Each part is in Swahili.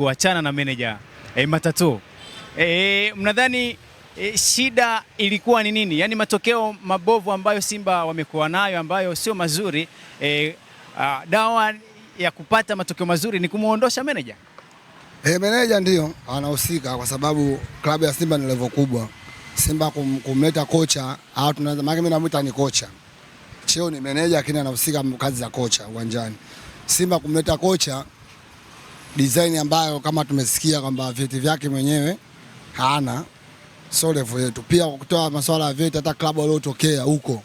kuachana na meneja e, eh, Matatu e, mnadhani e, shida ilikuwa ni nini? Yaani matokeo mabovu ambayo Simba wamekuwa nayo ambayo sio mazuri e, a, ah, dawa ya kupata matokeo mazuri ni kumwondosha meneja e, meneja ndiyo anahusika kwa sababu klabu ya Simba ni levo kubwa. Simba kum, kumleta kocha au ah, tunaanza maana mimi namuita ni kocha. Cheo ni meneja lakini anahusika kazi za kocha uwanjani. Simba kumleta kocha design ambayo kama tumesikia kwamba vyeti vyake mwenyewe hana, so level yetu pia. Kwa kutoa masuala ya vyeti, hata klabu aliyotokea huko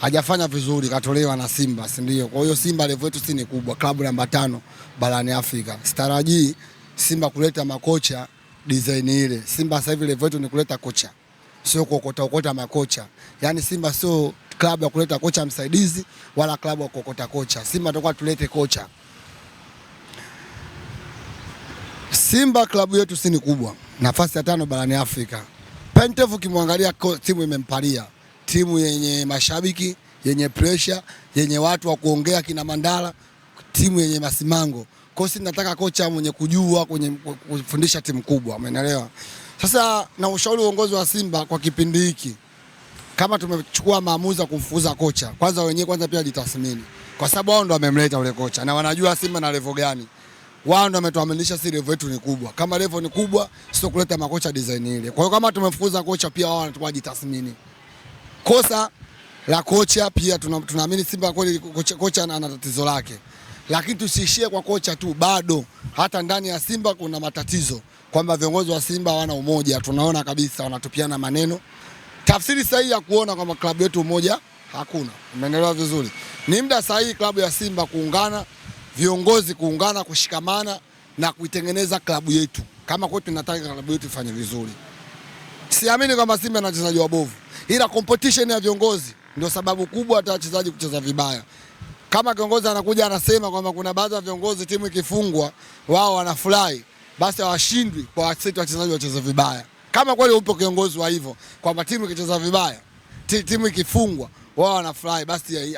hajafanya vizuri, katolewa na Simba, si ndio? Kwa hiyo Simba level yetu si ni kubwa, klabu namba tano barani Afrika. Sitarajii Simba kuleta makocha design ile. Simba sasa hivi level yetu ni kuleta kocha, sio kuokota okota makocha. Yani Simba sio klabu ya kuleta kocha msaidizi wala klabu ya kuokota kocha. Simba tutakuwa tulete kocha Simba klabu yetu si ni kubwa, nafasi ya tano barani Afrika. Pantev ukimwangalia timu imempalia, timu yenye mashabiki, yenye pressure, yenye watu wa kuongea kina Mandala, timu yenye masimango. Kwa hiyo nataka kocha mwenye kujua kwenye kufundisha timu kubwa, umeelewa? Sasa na ushauri uongozi wa Simba kwa kipindi hiki, kama tumechukua maamuzi ya kumfukuza kocha, kwanza wenyewe kwanza pia jitathmini, kwa sababu wao ndo wamemleta ule kocha na wanajua Simba na level gani wao ndio wametuaminisha si level yetu ni kubwa. Kama level ni kubwa, sio kuleta makocha design ile. Kwa hiyo kama tumefukuza kocha, pia wao wanatakiwa wajitathmini. Kosa la kocha pia tunaamini Simba kweli kocha, kocha ana tatizo lake, lakini tusiishie kwa kocha tu, bado hata ndani ya Simba kuna matatizo, kwamba viongozi wa Simba hawana umoja. Tunaona kabisa wanatupiana maneno. Tafsiri sahihi ya kuona kwamba klabu yetu umoja hakuna. Umeelewa vizuri? Ni muda sahihi klabu ya Simba kuungana viongozi kuungana, kushikamana na kuitengeneza klabu yetu. Kama kwetu tunataka klabu yetu ifanye vizuri, siamini kwamba Simba na wachezaji wabovu, ila competition ya viongozi ndio sababu kubwa hata wachezaji kucheza vibaya. Kama kiongozi anakuja anasema kwamba kuna baadhi ya viongozi timu ikifungwa wao wanafurahi, basi hawashindwi kwa wachezaji wacheza vibaya. Kama kweli upo kiongozi wa hivyo kwamba timu ikicheza vibaya timu ikifungwa wao wanafurahi, basi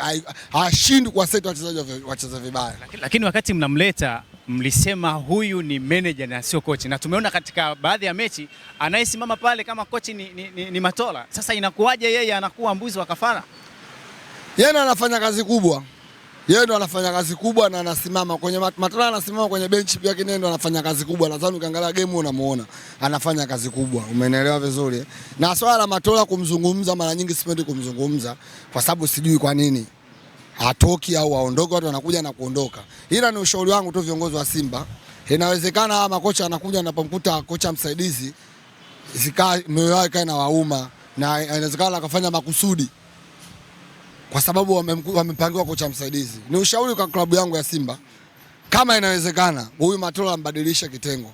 hashindwi kuwaseti wachezaji wacheza vibaya. Lakini wakati mnamleta mlisema huyu ni meneja na sio kochi, na tumeona katika baadhi ya mechi anayesimama pale kama kochi ni, ni, ni, ni Matola. Sasa inakuwaje yeye anakuwa mbuzi wa kafara? Yeye anafanya kazi kubwa yeye ndo anafanya kazi kubwa na anasimama kwenye matara, anasimama kwenye benchi yake, yeye ndo anafanya kazi kubwa. Nadhani ukiangalia game unamuona anafanya kazi kubwa, umeelewa vizuri. Eh? Na swala la Matola kumzungumza, mara nyingi sipendi kumzungumza kwa sababu sijui kwa nini hatoki au aondoke, watu wanakuja na kuondoka, ila ni ushauri wangu tu, viongozi wa Simba, inawezekana hawa makocha anakuja anapomkuta kocha msaidizi, zikaa moyo wake na wauma, na inawezekana akafanya makusudi kwa sababu wamepangiwa kocha msaidizi. Ni ushauri kwa klabu yangu ya Simba, kama inawezekana huyu Matola ambadilishe kitengo,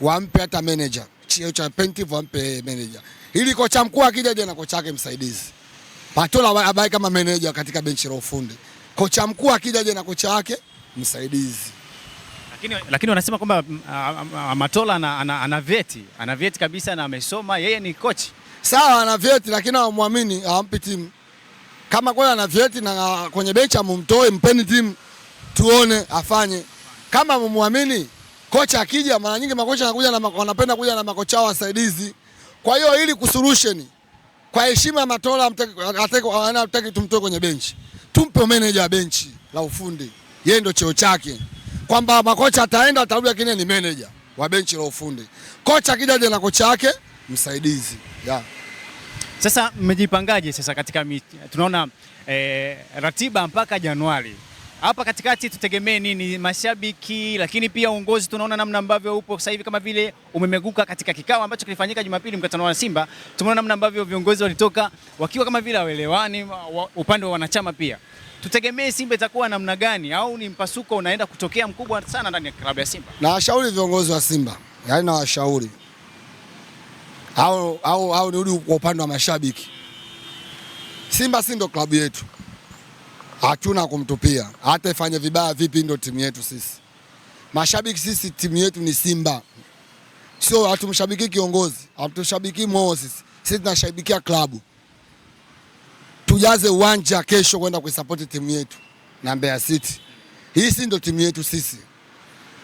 wampe hata manager cheo cha pentive, wampe manager ili kocha mkuu akija aje na kocha yake msaidizi. Matola abaki kama manager katika benchi la ufundi, kocha mkuu akija aje na kocha yake msaidizi. Lakini, lakini wanasema kwamba mm, Matola ana, ana, ana vyeti ana vyeti kabisa na amesoma, yeye ni kochi sawa, ana vyeti lakini hawamwamini, hawampi timu kama kweli ana vyeti na kwenye benchi amumtoe, mpeni timu tuone afanye. Kama mumwamini kocha, akija mara nyingi makocha anakuja na wanapenda kuja na makocha wa wasaidizi. Kwa hiyo ili kusolution, kwa heshima ya Matola, hataki tumtoe kwenye benchi, tumpe meneja wa benchi la ufundi, yeye ndio cheo chake, kwamba makocha ataenda atarudi, lakini ni meneja wa benchi la ufundi. Kocha akija na kocha wake msaidizi yeah. Sasa mmejipangaje sasa katika Tunaona e, ratiba mpaka Januari hapa katikati tutegemee nini mashabiki, lakini pia uongozi? Tunaona namna ambavyo upo sasa hivi, kama vile umemeguka katika kikao ambacho kilifanyika Jumapili, mkutano wa Simba. Tumeona namna ambavyo viongozi walitoka wakiwa kama vile hawaelewani, upande wa wanachama pia. Tutegemee Simba itakuwa namna gani, au ni mpasuko unaenda kutokea mkubwa sana ndani ya klabu ya Simba? Nawashauri viongozi wa Simba, yaani nawashauri au, au, au nirudi kwa upande wa mashabiki. Simba si ndo klabu yetu, hatuna kumtupia, hata ifanye vibaya vipi, ndo timu yetu sisi. Mashabiki sisi, timu yetu ni Simba, sio hatumshabiki kiongozi, hatumshabiki moo. Sisi sisi tunashabikia klabu. Tujaze uwanja kesho kwenda kuisapoti timu yetu na Mbeya City. Hii si ndo timu yetu sisi,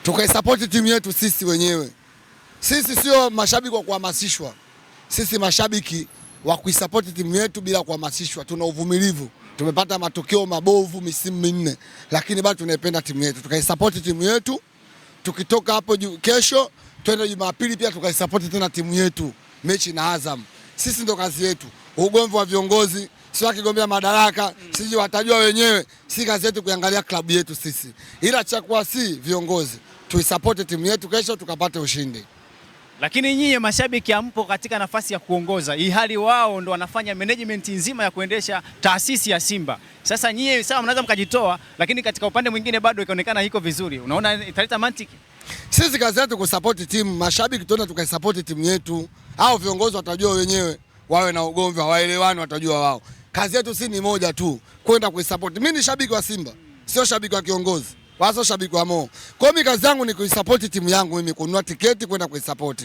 tukaisapoti timu yetu sisi wenyewe. Sisi sio mashabiki wa kuhamasishwa, sisi mashabiki wa kuisapoti timu yetu bila kuhamasishwa. Tuna uvumilivu, tumepata matokeo mabovu misimu minne, lakini bado tunaipenda timu yetu, tukaisapoti timu yetu. Tukitoka hapo kesho, twende Jumapili pia tukaisapoti tena timu yetu, mechi na Azam. Sisi ndo kazi yetu. Ugomvi wa viongozi si wakigombea madaraka, mm. sisi watajua wenyewe. Si kazi yetu kuangalia klabu yetu sisi, ila cha kuwa si viongozi, tuisapoti timu yetu kesho tukapate ushindi. Lakini nyinyi mashabiki ampo katika nafasi ya kuongoza, ihali wao ndo wanafanya management nzima ya kuendesha taasisi ya Simba. Sasa nyinyi sawa, mnaweza mkajitoa, lakini katika upande mwingine bado ikaonekana iko vizuri. Unaona italeta mantiki? Sisi kazi yetu kusapoti timu, mashabiki tunaenda tukaisapoti timu yetu, au viongozi watajua wenyewe, wawe na ugomvi, hawaelewani, watajua wao. Kazi yetu si ni moja tu, kwenda kuisapoti. Mimi ni shabiki wa Simba, sio shabiki wa kiongozi. Wasa shabiki wa Mo. Kwa mimi kazi yangu ni kuisupport timu yangu mimi kununua tiketi kwenda kuisupport.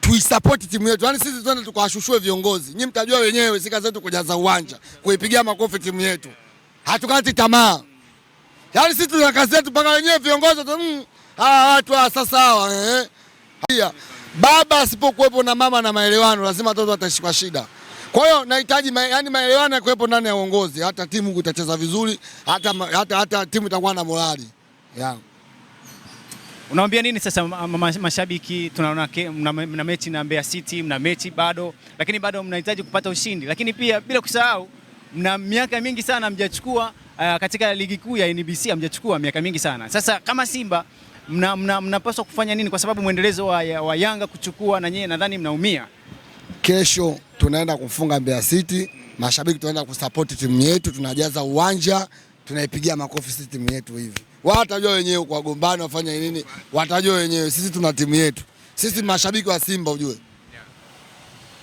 Tuisupport timu yetu. Yaani sisi twende tukawashushue viongozi. Nyinyi mtajua wenyewe sika zetu kujaza uwanja, kuipigia makofi timu yetu. Hatukati tamaa. Yaani sisi tuna kazi yetu paka wenyewe viongozi tu mm, hawa watu sasa sawa eh, eh. Pia Baba asipokuwepo na mama na maelewano lazima watoto wataishi kwa shida. Kwa hiyo nahitaji ma, yani maelewano yakuwepo ndani ya uongozi, hata timu itacheza vizuri, hata, hata, hata timu itakuwa na morali yeah. Unaambia nini sasa mashabiki? Tunaona mna mechi na Mbeya City, mna mechi bado, lakini bado mnahitaji kupata ushindi, lakini pia bila kusahau mna miaka mingi sana mjachukua uh, eh, katika ligi kuu ya NBC hamjachukua miaka mingi sana sasa. Kama Simba mnapaswa mna, mna kufanya nini? Kwa sababu mwendelezo wa, wa Yanga kuchukua na nyinyi nadhani mnaumia. Kesho tunaenda kufunga Mbeya City, mashabiki tunaenda kusapoti timu yetu, tunajaza uwanja, tunaipigia makofi sisi timu yetu. Hivi wao watajua wenyewe, kwa gombani wafanya nini, watajua wenyewe. Sisi tuna timu yetu, sisi mashabiki wa Simba, ujue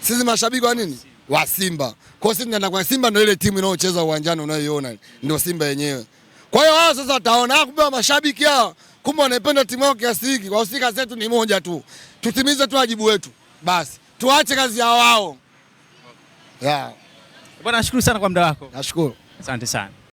sisi mashabiki wa nini wa Simba. Kwa hiyo sisi kwa Simba ndio ile timu inayocheza uwanjani unayoiona ndio Simba yenyewe. Kwa hiyo wao sasa wataona ah, kumbe mashabiki hao kumbe wanaipenda timu yao kiasi hiki. Wahusika zetu ni moja tu, tutimize tu wajibu wetu basi tuache kazi ya wao. Yeah. Bwana, nashukuru sana kwa muda wako. Nashukuru. Asante sana.